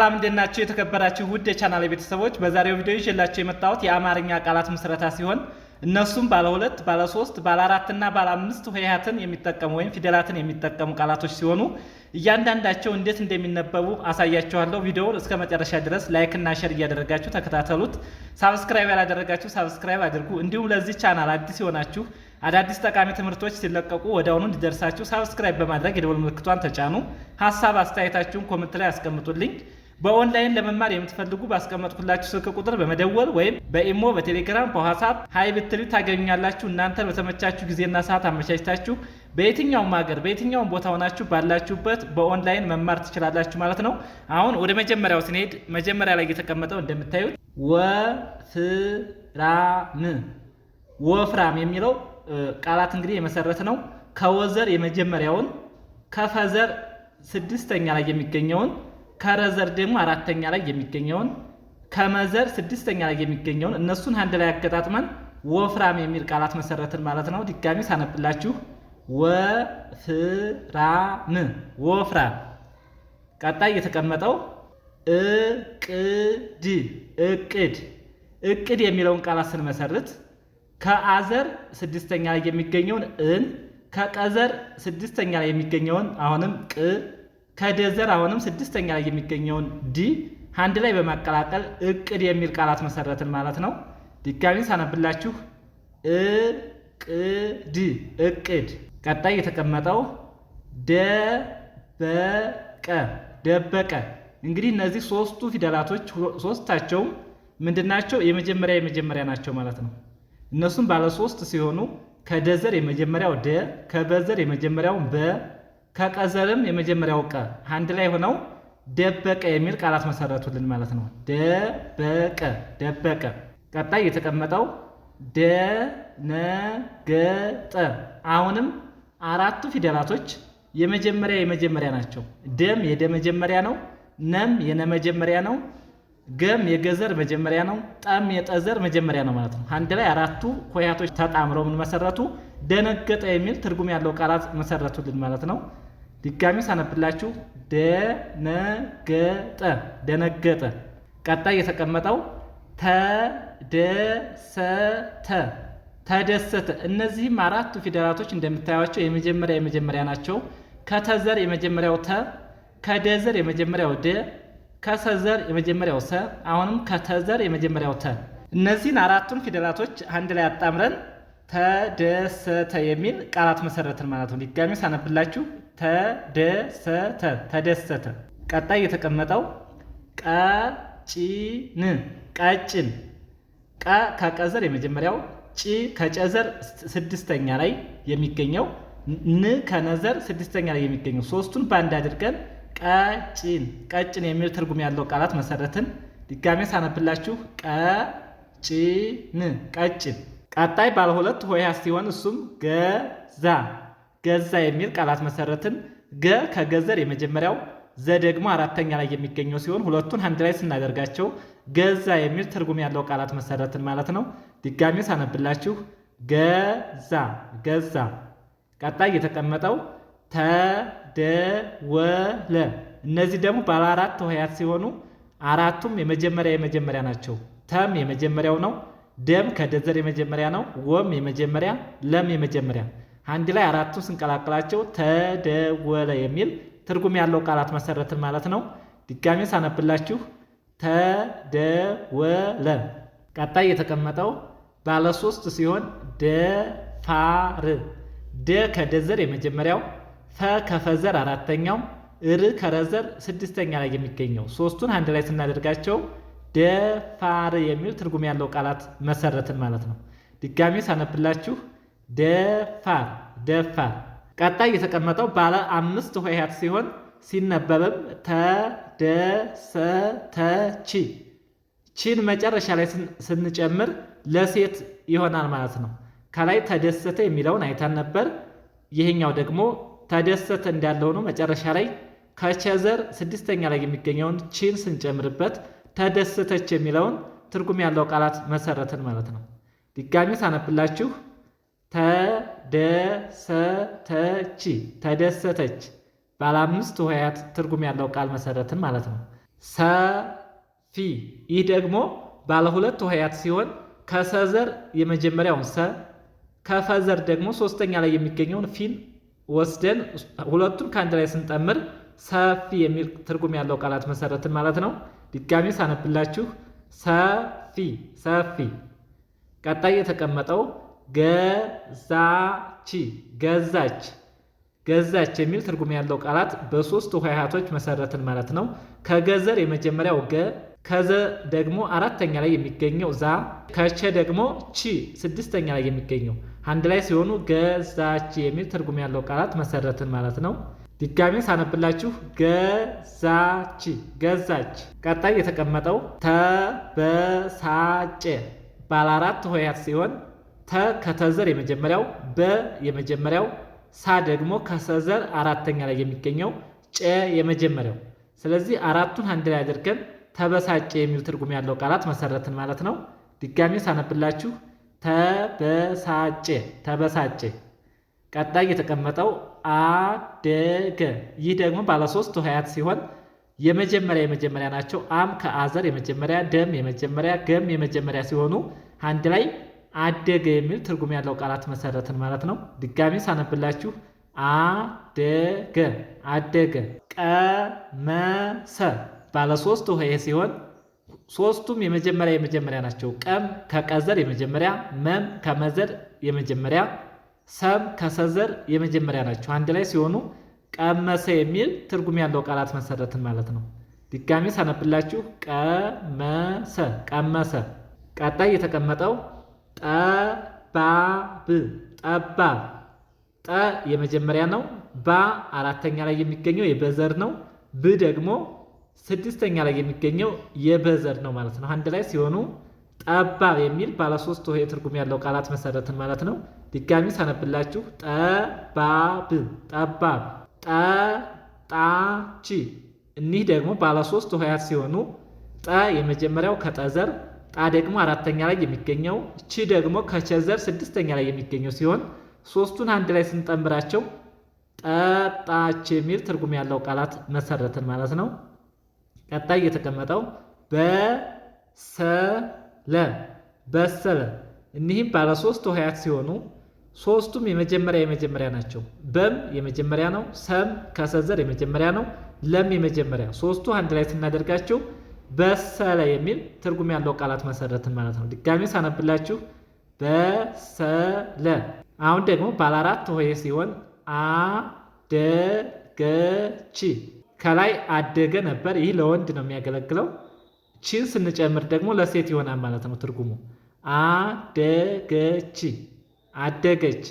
ሰላም እንደናችሁ የተከበራችሁ ውድ የቻናል ቤተሰቦች፣ በዛሬው ቪዲዮ ይዤላችሁ የመጣሁት የአማርኛ ቃላት ምስረታ ሲሆን እነሱም ባለ ሁለት፣ ባለ ሶስት፣ ባለ አራት እና ባለ አምስት ሆሄያትን የሚጠቀሙ ወይም ፊደላትን የሚጠቀሙ ቃላቶች ሲሆኑ እያንዳንዳቸው እንዴት እንደሚነበቡ አሳያችኋለሁ። ቪዲዮውን እስከ መጨረሻ ድረስ ላይክ እና ሸር እያደረጋችሁ ተከታተሉት። ሳብስክራይብ ያላደረጋችሁ ሳብስክራይብ አድርጉ። እንዲሁም ለዚህ ቻናል አዲስ የሆናችሁ አዳዲስ ጠቃሚ ትምህርቶች ሲለቀቁ ወዲያውኑ እንዲደርሳችሁ ሳብስክራይብ በማድረግ የደወል ምልክቷን ተጫኑ። ሀሳብ አስተያየታችሁን ኮመንት ላይ አስቀምጡልኝ። በኦንላይን ለመማር የምትፈልጉ ባስቀመጥኩላችሁ ስልክ ቁጥር በመደወል ወይም በኢሞ፣ በቴሌግራም፣ በዋትሳፕ ሀይ ብትሉ ታገኙኛላችሁ። እናንተ በተመቻችሁ ጊዜና ሰዓት አመቻችታችሁ በየትኛውም ሀገር በየትኛውም ቦታ ሆናችሁ ባላችሁበት በኦንላይን መማር ትችላላችሁ ማለት ነው። አሁን ወደ መጀመሪያው ስንሄድ መጀመሪያ ላይ የተቀመጠው እንደምታዩት ወፍራም ወፍራም የሚለው ቃላት እንግዲህ የመሰረት ነው። ከወዘር የመጀመሪያውን ከፈዘር ስድስተኛ ላይ የሚገኘውን ከረዘር ደግሞ አራተኛ ላይ የሚገኘውን ከመዘር ስድስተኛ ላይ የሚገኘውን እነሱን አንድ ላይ አገጣጥመን ወፍራም የሚል ቃላት መሰረትን ማለት ነው። ድጋሚ ሳነብላችሁ ወፍራም ወፍራም። ቀጣይ የተቀመጠው እቅድ እቅድ እቅድ የሚለውን ቃላት ስንመሰርት ከአዘር ስድስተኛ ላይ የሚገኘውን እን ከቀዘር ስድስተኛ ላይ የሚገኘውን አሁንም ቅ ከደዘር አሁንም ስድስተኛ ላይ የሚገኘውን ዲ አንድ ላይ በማቀላቀል እቅድ የሚል ቃላት መሰረትን ማለት ነው። ድጋሚ ሳነብላችሁ እቅድ እቅድ። ቀጣይ የተቀመጠው ደበቀ ደበቀ። እንግዲህ እነዚህ ሶስቱ ፊደላቶች ሶስታቸውም ምንድናቸው? የመጀመሪያ የመጀመሪያ ናቸው ማለት ነው። እነሱም ባለ ሶስት ሲሆኑ ከደዘር የመጀመሪያው ደ ከበዘር የመጀመሪያው በ ከቀዘርም የመጀመሪያው ቀ አንድ ላይ ሆነው ደበቀ የሚል ቃላት መሰረቱልን ማለት ነው። ደበቀ ደበቀ። ቀጣይ የተቀመጠው ደነገጠ። አሁንም አራቱ ፊደላቶች የመጀመሪያ የመጀመሪያ ናቸው። ደም የደ መጀመሪያ ነው። ነም የነ መጀመሪያ ነው። ገም የገዘር መጀመሪያ ነው። ጠም የጠዘር መጀመሪያ ነው ማለት ነው። አንድ ላይ አራቱ ኮያቶች ተጣምረው ምን መሰረቱ? ደነገጠ የሚል ትርጉም ያለው ቃላት መሰረቱልን ማለት ነው። ድጋሚ ሳነብላችሁ ደነገጠ ደነገጠ። ቀጣይ የተቀመጠው ተደሰተ ተደሰተ። እነዚህም አራቱ ፊደላቶች እንደምታያቸው የመጀመሪያ የመጀመሪያ ናቸው። ከተዘር የመጀመሪያው ተ፣ ከደዘር የመጀመሪያው ደ፣ ከሰዘር የመጀመሪያው ሰ፣ አሁንም ከተዘር የመጀመሪያው ተ። እነዚህን አራቱን ፊደላቶች አንድ ላይ አጣምረን ተደሰተ የሚል ቃላት መሰረትን ማለት ነው። ድጋሚ ሳነብላችሁ ተደሰተ ተደሰተ። ቀጣይ የተቀመጠው ቀጭን ቀጭን ቀ ከቀዘር የመጀመሪያው ጭ ከጨዘር ስድስተኛ ላይ የሚገኘው ን ከነዘር ስድስተኛ ላይ የሚገኘው ሶስቱን በአንድ አድርገን ቀጭን ቀጭን የሚል ትርጉም ያለው ቃላት መሰረትን። ድጋሜ ሳነብላችሁ ቀጭን ቀጭን። ቀጣይ ባለ ሁለት ሲሆን እሱም ገዛ ገዛ የሚል ቃላት መሰረትን ገ ከገዘር የመጀመሪያው ዘ ደግሞ አራተኛ ላይ የሚገኘው ሲሆን ሁለቱን አንድ ላይ ስናደርጋቸው ገዛ የሚል ትርጉም ያለው ቃላት መሰረትን ማለት ነው። ድጋሜ ሳነብላችሁ ገዛ ገዛ። ቀጣይ የተቀመጠው ተደወለ። እነዚህ ደግሞ ባለ አራት ሆሄያት ሲሆኑ አራቱም የመጀመሪያ የመጀመሪያ ናቸው። ተም የመጀመሪያው ነው። ደም ከደዘር የመጀመሪያ ነው። ወም የመጀመሪያ ለም የመጀመሪያ አንድ ላይ አራቱ ስንቀላቀላቸው ተደወለ የሚል ትርጉም ያለው ቃላት መሰረትን ማለት ነው። ድጋሜ ሳነብላችሁ ተደወለ። ቀጣይ የተቀመጠው ባለ ሶስት ሲሆን ደፋር ደ ከደዘር የመጀመሪያው፣ ፈ ከፈዘር አራተኛው፣ ር ከረዘር ስድስተኛ ላይ የሚገኘው ሶስቱን አንድ ላይ ስናደርጋቸው ደፋር የሚል ትርጉም ያለው ቃላት መሰረትን ማለት ነው። ድጋሜ ሳነብላችሁ ደፋር ደፋር። ቀጣይ የተቀመጠው ባለ አምስት ሆሄያት ሲሆን ሲነበብም ተደሰተች። ቺን መጨረሻ ላይ ስንጨምር ለሴት ይሆናል ማለት ነው። ከላይ ተደሰተ የሚለውን አይተን ነበር። ይህኛው ደግሞ ተደሰተ እንዳለ መጨረሻ ላይ ከቸዘር ስድስተኛ ላይ የሚገኘውን ቺን ስንጨምርበት ተደሰተች የሚለውን ትርጉም ያለው ቃላት መሰረትን ማለት ነው። ድጋሚ ሳነብላችሁ ተደሰተች ተደሰተች ባለ አምስት ትርጉም ያለው ቃል መሰረትን ማለት ነው። ሰፊ ይህ ደግሞ ባለ ሁለት ውሃያት ሲሆን ከሰዘር የመጀመሪያውን ሰ ከፈዘር ደግሞ ሶስተኛ ላይ የሚገኘውን ፊን ወስደን ሁለቱን ከአንድ ላይ ስንጠምር ሰፊ የሚል ትርጉም ያለው ቃላት መሰረትን ማለት ነው። ድጋሚ ሳነብላችሁ ሰፊ ሰፊ ቀጣይ የተቀመጠው ገዛች ገዛች ገዛች የሚል ትርጉም ያለው ቃላት በሶስት ውህያቶች መሰረትን ማለት ነው። ከገዘር የመጀመሪያው ገ፣ ከዘ ደግሞ አራተኛ ላይ የሚገኘው ዛ፣ ከቸ ደግሞ ቺ ስድስተኛ ላይ የሚገኘው አንድ ላይ ሲሆኑ ገዛች የሚል ትርጉም ያለው ቃላት መሰረትን ማለት ነው። ድጋሜ ሳነብላችሁ ገዛች ገዛች። ቀጣይ የተቀመጠው ተበሳጨ ባለ አራት ሆሄያት ሲሆን ተ ከተዘር የመጀመሪያው በ የመጀመሪያው ሳ ደግሞ ከሰዘር አራተኛ ላይ የሚገኘው ጨ የመጀመሪያው። ስለዚህ አራቱን አንድ ላይ አድርገን ተበሳጨ የሚል ትርጉም ያለው ቃላት መሰረትን ማለት ነው። ድጋሚ ሳነብላችሁ ተበሳጨ ተበሳጨ። ቀጣይ የተቀመጠው አደገ። ይህ ደግሞ ባለሶስት ውህያት ሲሆን የመጀመሪያ የመጀመሪያ ናቸው። አም ከአዘር የመጀመሪያ፣ ደም የመጀመሪያ፣ ገም የመጀመሪያ ሲሆኑ አንድ ላይ አደገ የሚል ትርጉም ያለው ቃላት መሰረትን ማለት ነው። ድጋሚ ሳነብላችሁ አደገ አደገ። ቀመሰ ባለ ሶስት ውሄ ሲሆን ሶስቱም የመጀመሪያ የመጀመሪያ ናቸው። ቀም ከቀዘር የመጀመሪያ፣ መም ከመዘር የመጀመሪያ፣ ሰም ከሰዘር የመጀመሪያ ናቸው። አንድ ላይ ሲሆኑ ቀመሰ የሚል ትርጉም ያለው ቃላት መሰረትን ማለት ነው። ድጋሚ ሳነብላችሁ ቀመሰ ቀመሰ። ቀጣይ የተቀመጠው ጠባብ ጠባብ ጠ የመጀመሪያ ነው። ባ አራተኛ ላይ የሚገኘው የበዘር ነው። ብ ደግሞ ስድስተኛ ላይ የሚገኘው የበዘር ነው ማለት ነው። አንድ ላይ ሲሆኑ ጠባብ የሚል ባለሶስት ሶስት ሆሄ ትርጉም ያለው ቃላት መሰረትን ማለት ነው። ድጋሚ ሳነብላችሁ ጠባብ ጠባብ ጠጣች። እኒህ ደግሞ ባለ ሶስት ሲሆኑ ጠ የመጀመሪያው ከጠዘር ጣ ደግሞ አራተኛ ላይ የሚገኘው ቺ ደግሞ ከቸዘር ስድስተኛ ላይ የሚገኘው ሲሆን ሶስቱን አንድ ላይ ስንጠምራቸው ጠጣች የሚል ትርጉም ያለው ቃላት መሰረትን ማለት ነው። ቀጣይ የተቀመጠው በሰለ በሰለ። እኒህም ባለ ሶስት ውሃያት ሲሆኑ ሶስቱም የመጀመሪያ የመጀመሪያ ናቸው። በም የመጀመሪያ ነው። ሰም ከሰዘር የመጀመሪያ ነው። ለም የመጀመሪያ ሶስቱ አንድ ላይ ስናደርጋቸው በሰለ የሚል ትርጉም ያለው ቃላት መሰረትን ማለት ነው። ድጋሚ ሳነብላችሁ በሰለ። አሁን ደግሞ ባለ አራት ሆሄ ሲሆን አደገች። ከላይ አደገ ነበር። ይህ ለወንድ ነው የሚያገለግለው። ቺን ስንጨምር ደግሞ ለሴት ይሆናል ማለት ነው ትርጉሙ። አደገች፣ አደገች።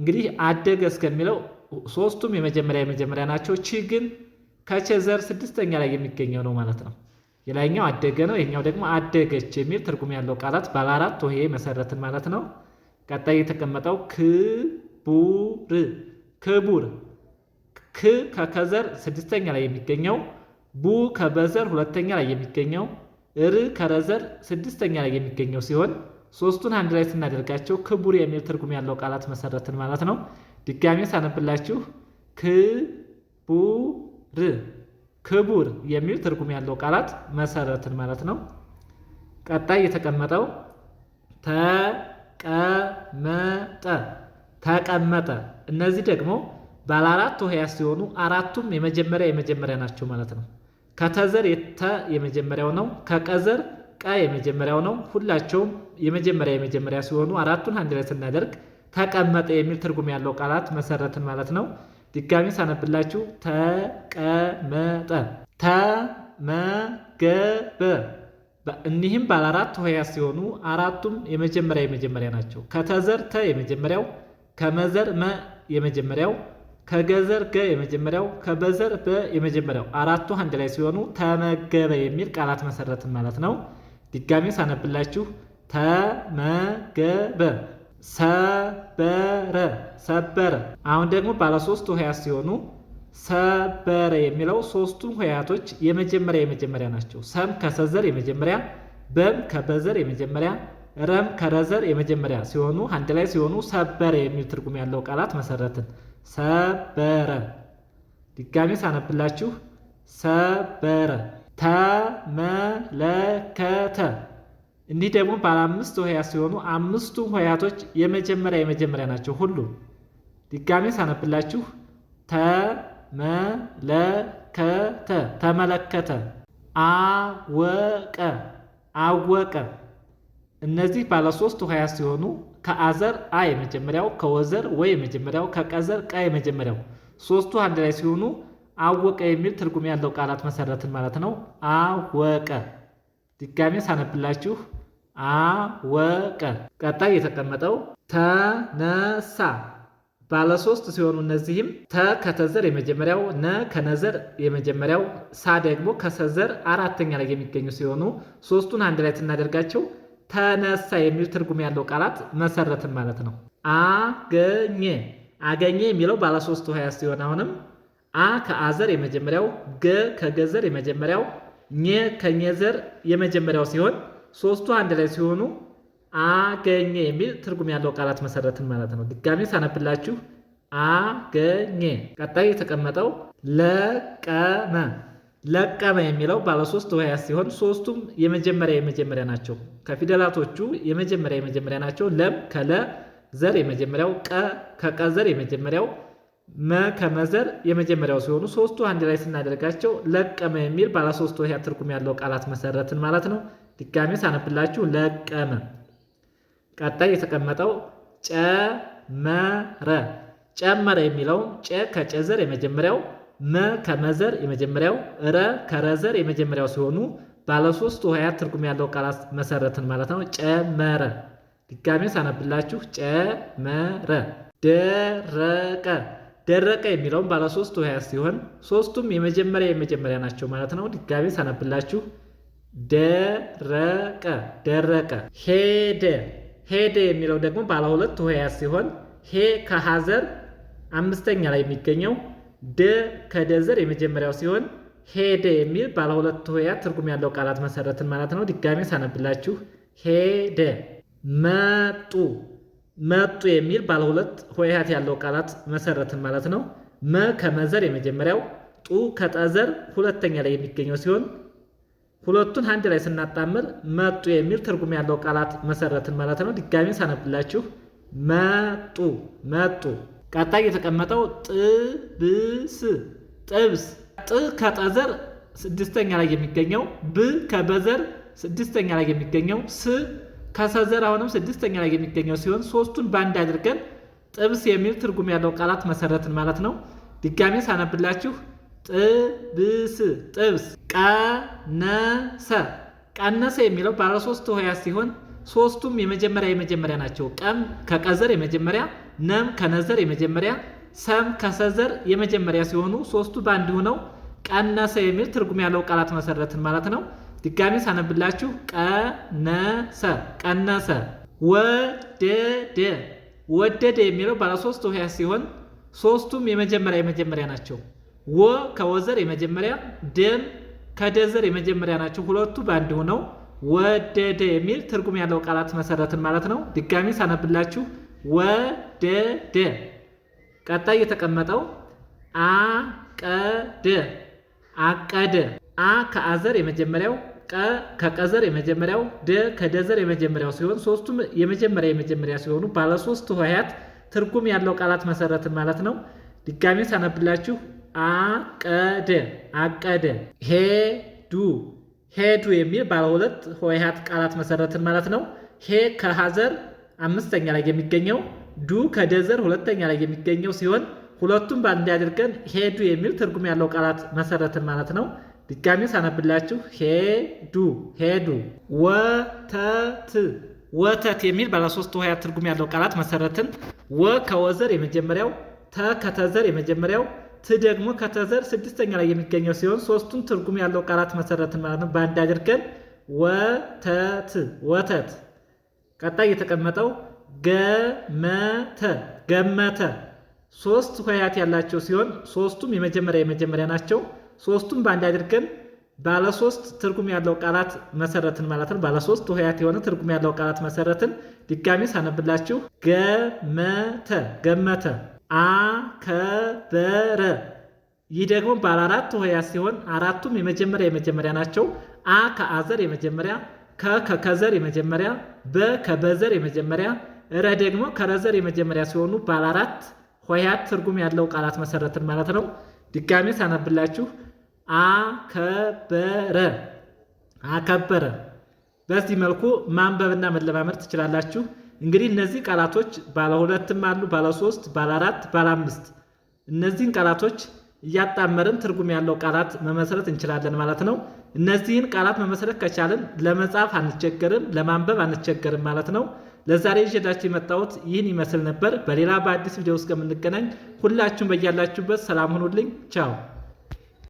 እንግዲህ አደገ እስከሚለው ሶስቱም የመጀመሪያ የመጀመሪያ ናቸው። ቺ ግን ከቼዘር ስድስተኛ ላይ የሚገኘው ነው ማለት ነው። የላይኛው አደገ ነው፣ ይሄኛው ደግሞ አደገች የሚል ትርጉም ያለው ቃላት ባለ አራት ሆሄ መሰረትን ማለት ነው። ቀጣይ የተቀመጠው ክቡር ክቡር ክ ከከዘር ስድስተኛ ላይ የሚገኘው ቡ ከበዘር ሁለተኛ ላይ የሚገኘው ር ከረዘር ስድስተኛ ላይ የሚገኘው ሲሆን ሶስቱን አንድ ላይ ስናደርጋቸው ክቡር የሚል ትርጉም ያለው ቃላት መሰረትን ማለት ነው። ድጋሜ ሳነብላችሁ ክቡር ክቡር የሚል ትርጉም ያለው ቃላት መሰረትን ማለት ነው። ቀጣይ የተቀመጠው ተቀመጠ፣ ተቀመጠ። እነዚህ ደግሞ ባለ አራት ሆሄያት ሲሆኑ አራቱም የመጀመሪያ የመጀመሪያ ናቸው ማለት ነው። ከተዘር የተ የመጀመሪያው ነው። ከቀዘር ቀ የመጀመሪያው ነው። ሁላቸውም የመጀመሪያ የመጀመሪያ ሲሆኑ አራቱን አንድ ላይ ስናደርግ ተቀመጠ የሚል ትርጉም ያለው ቃላት መሰረትን ማለት ነው። ድጋሚ ሳነብላችሁ ተቀመጠ፣ ተመገበ። እኒህም ባለ አራት ሆሄያት ሲሆኑ አራቱም የመጀመሪያ የመጀመሪያ ናቸው። ከተዘር ተ የመጀመሪያው፣ ከመዘር መ የመጀመሪያው፣ ከገዘር ገ የመጀመሪያው፣ ከበዘር በ የመጀመሪያው። አራቱ አንድ ላይ ሲሆኑ ተመገበ የሚል ቃላት መሰረትን ማለት ነው። ድጋሚ ሳነብላችሁ ተመገበ ሰበረ ሰበረ። አሁን ደግሞ ባለ ሶስቱ ሆሄያት ሲሆኑ ሰበረ የሚለው ሶስቱም ሆሄያቶች የመጀመሪያ የመጀመሪያ ናቸው። ሰም ከሰዘር የመጀመሪያ፣ በም ከበዘር የመጀመሪያ፣ ረም ከረዘር የመጀመሪያ ሲሆኑ አንድ ላይ ሲሆኑ ሰበረ የሚል ትርጉም ያለው ቃላት መሰረትን። ሰበረ ድጋሜ ሳነብላችሁ ሰበረ ተመለከተ እንዲህ ደግሞ ባለ አምስት ሆሄያት ሲሆኑ አምስቱ ሆሄያቶች የመጀመሪያ የመጀመሪያ ናቸው። ሁሉ ድጋሜ ሳነብላችሁ ተመለከተ ተመለከተ፣ አወቀ አወቀ። እነዚህ ባለ ሶስት ሆሄያት ሲሆኑ ከአዘር አ የመጀመሪያው፣ ከወዘር ወ የመጀመሪያው፣ ከቀዘር ቀ የመጀመሪያው ሶስቱ አንድ ላይ ሲሆኑ አወቀ የሚል ትርጉም ያለው ቃላት መሰረትን ማለት ነው። አወቀ ድጋሜ ሳነብላችሁ አወቀ። ቀጣይ የተቀመጠው ተነሳ ባለሶስት ሲሆኑ እነዚህም ተ ከተዘር የመጀመሪያው፣ ነ ከነዘር የመጀመሪያው፣ ሳ ደግሞ ከሰዘር አራተኛ ላይ የሚገኙ ሲሆኑ ሶስቱን አንድ ላይ ስናደርጋቸው ተነሳ የሚል ትርጉም ያለው ቃላት መሰረትን ማለት ነው። አገኘ አገኘ የሚለው ባለሶስት ሆሄያት ሲሆን አሁንም አ ከአዘር የመጀመሪያው፣ ገ ከገዘር የመጀመሪያው፣ ኘ ከኘዘር የመጀመሪያው ሲሆን ሶስቱ አንድ ላይ ሲሆኑ አገኘ የሚል ትርጉም ያለው ቃላት መሰረትን ማለት ነው። ድጋሜ ሳነብላችሁ አገኘ። ቀጣይ የተቀመጠው ለቀመ። ለቀመ የሚለው ባለሶስት ውያ ሲሆን ሶስቱም የመጀመሪያ የመጀመሪያ ናቸው። ከፊደላቶቹ የመጀመሪያ የመጀመሪያ ናቸው። ለም ከለ ዘር የመጀመሪያው፣ ቀ ከቀ ዘር የመጀመሪያው፣ መ ከመዘር የመጀመሪያው ሲሆኑ ሶስቱ አንድ ላይ ስናደርጋቸው ለቀመ የሚል ባለሶስት ውያ ትርጉም ያለው ቃላት መሰረትን ማለት ነው። ድጋሜ ሳነብላችሁ ለቀመ። ቀጣይ የተቀመጠው ጨመረ። ጨመረ የሚለው ጨ ከጨ ዘር የመጀመሪያው፣ መ ከመዘር የመጀመሪያው፣ ረ ከረዘር የመጀመሪያው ሲሆኑ ባለሶስት ውህያት ትርጉም ያለው ቃላት መሰረትን ማለት ነው። ጨመረ። ድጋሜ ሳነብላችሁ ጨመረ። ደረቀ። ደረቀ የሚለውም ባለሶስት ውህያት ሲሆን ሶስቱም የመጀመሪያ የመጀመሪያ ናቸው ማለት ነው። ድጋሜ ሳነብላችሁ ደረቀ ደረቀ ሄደ ሄደ የሚለው ደግሞ ባለ ሁለት ሆሄያት ሲሆን ሄ ከሀዘር አምስተኛ ላይ የሚገኘው ደ ከደዘር የመጀመሪያው ሲሆን ሄደ የሚል ባለ ሁለት ሆሄያት ትርጉም ያለው ቃላት መሰረትን ማለት ነው። ድጋሜ ሳነብላችሁ ሄደ። መጡ መጡ የሚል ባለ ሁለት ሆሄያት ያለው ቃላት መሰረትን ማለት ነው። መ ከመዘር የመጀመሪያው፣ ጡ ከጠዘር ሁለተኛ ላይ የሚገኘው ሲሆን ሁለቱን አንድ ላይ ስናጣምር መጡ የሚል ትርጉም ያለው ቃላት መሰረትን ማለት ነው። ድጋሚ ሳነብላችሁ መጡ መጡ። ቀጣይ የተቀመጠው ጥብስ ጥብስ። ጥ ከጠዘር ስድስተኛ ላይ የሚገኘው ብ ከበዘር ስድስተኛ ላይ የሚገኘው ስ ከሰዘር አሁንም ስድስተኛ ላይ የሚገኘው ሲሆን ሶስቱን በአንድ አድርገን ጥብስ የሚል ትርጉም ያለው ቃላት መሰረትን ማለት ነው። ድጋሚ ሳነብላችሁ ጥብስ ጥብስ ቀነሰ ቀነሰ የሚለው ባለ ሶስት ሆያ ሲሆን ሶስቱም የመጀመሪያ የመጀመሪያ ናቸው። ቀም ከቀዘር የመጀመሪያ፣ ነም ከነዘር የመጀመሪያ፣ ሰም ከሰዘር የመጀመሪያ ሲሆኑ ሶስቱ በአንድ ሆነው ቀነሰ የሚል ትርጉም ያለው ቃላት መሰረትን ማለት ነው። ድጋሚ ሳነብላችሁ ቀነሰ ቀነሰ። ወደደ ወደደ የሚለው ባለ ሶስት ሆያ ሲሆን ሶስቱም የመጀመሪያ የመጀመሪያ ናቸው። ወ ከወዘር የመጀመሪያ ደም ከደዘር የመጀመሪያ ናቸው። ሁለቱ በአንድ ሆነው ወደደ የሚል ትርጉም ያለው ቃላት መሰረትን ማለት ነው። ድጋሚ ሳነብላችሁ ወደደ። ቀጣይ የተቀመጠው አቀደ አቀደ። አ ከአዘር የመጀመሪያው ቀ ከቀዘር የመጀመሪያው ደ ከደዘር የመጀመሪያው ሲሆን ሶስቱም የመጀመሪያ የመጀመሪያ ሲሆኑ ባለሶስት ሶስት ሆሄያት ትርጉም ያለው ቃላት መሰረትን ማለት ነው። ድጋሚ ሳነብላችሁ አቀደ አቀደ ሄዱ ሄዱ የሚል ባለ ሁለት ሆሄያት ቃላት መሰረትን ማለት ነው። ሄ ከሀዘር አምስተኛ ላይ የሚገኘው ዱ ከደዘር ሁለተኛ ላይ የሚገኘው ሲሆን ሁለቱም በአንድ አድርገን ሄዱ የሚል ትርጉም ያለው ቃላት መሰረትን ማለት ነው። ድጋሚ ሳነብላችሁ ሄዱ ሄዱ። ወተት ወተት የሚል ባለሶስት ሶስት ሆሄያት ትርጉም ያለው ቃላት መሰረትን ወ ከወዘር የመጀመሪያው ተ ከተዘር የመጀመሪያው ት ደግሞ ከተዘር ስድስተኛ ላይ የሚገኘው ሲሆን ሶስቱን ትርጉም ያለው ቃላት መሰረትን ማለት ነው። በአንድ አድርገን ወተት ወተት። ቀጣይ የተቀመጠው ገመተ ገመተ። ሶስት ሆሄያት ያላቸው ሲሆን ሶስቱም የመጀመሪያ የመጀመሪያ ናቸው። ሶስቱም በአንድ አድርገን ባለሶስት ትርጉም ያለው ቃላት መሰረትን ማለት ነው። ባለሶስት ሆሄያት የሆነ ትርጉም ያለው ቃላት መሰረትን ድጋሚ ሳነብላችሁ ገመተ ገመተ አከበረ። ይህ ደግሞ ባለ አራት ሆሄያት ሲሆን አራቱም የመጀመሪያ የመጀመሪያ ናቸው። አ ከአዘር የመጀመሪያ፣ ከ ከከዘር የመጀመሪያ፣ በ ከበዘር የመጀመሪያ፣ ረ ደግሞ ከረዘር የመጀመሪያ ሲሆኑ ባለ አራት ሆሄያት ትርጉም ያለው ቃላት መሰረትን ማለት ነው። ድጋሜ ሳነብላችሁ አከበረ አከበረ። በዚህ መልኩ ማንበብና መለማመድ ትችላላችሁ። እንግዲህ እነዚህ ቃላቶች ባለ ሁለትም አሉ፣ ባለ ሶስት፣ ባለ አራት፣ ባለ አምስት እነዚህን ቃላቶች እያጣመርን ትርጉም ያለው ቃላት መመስረት እንችላለን ማለት ነው። እነዚህን ቃላት መመስረት ከቻልን ለመጻፍ አንቸገርም፣ ለማንበብ አንቸገርም ማለት ነው። ለዛሬ ይዤላችሁ የመጣሁት ይህን ይመስል ነበር። በሌላ በአዲስ ቪዲዮ እስከምንገናኝ ሁላችሁም በያላችሁበት ሰላም ሁኑልኝ። ቻው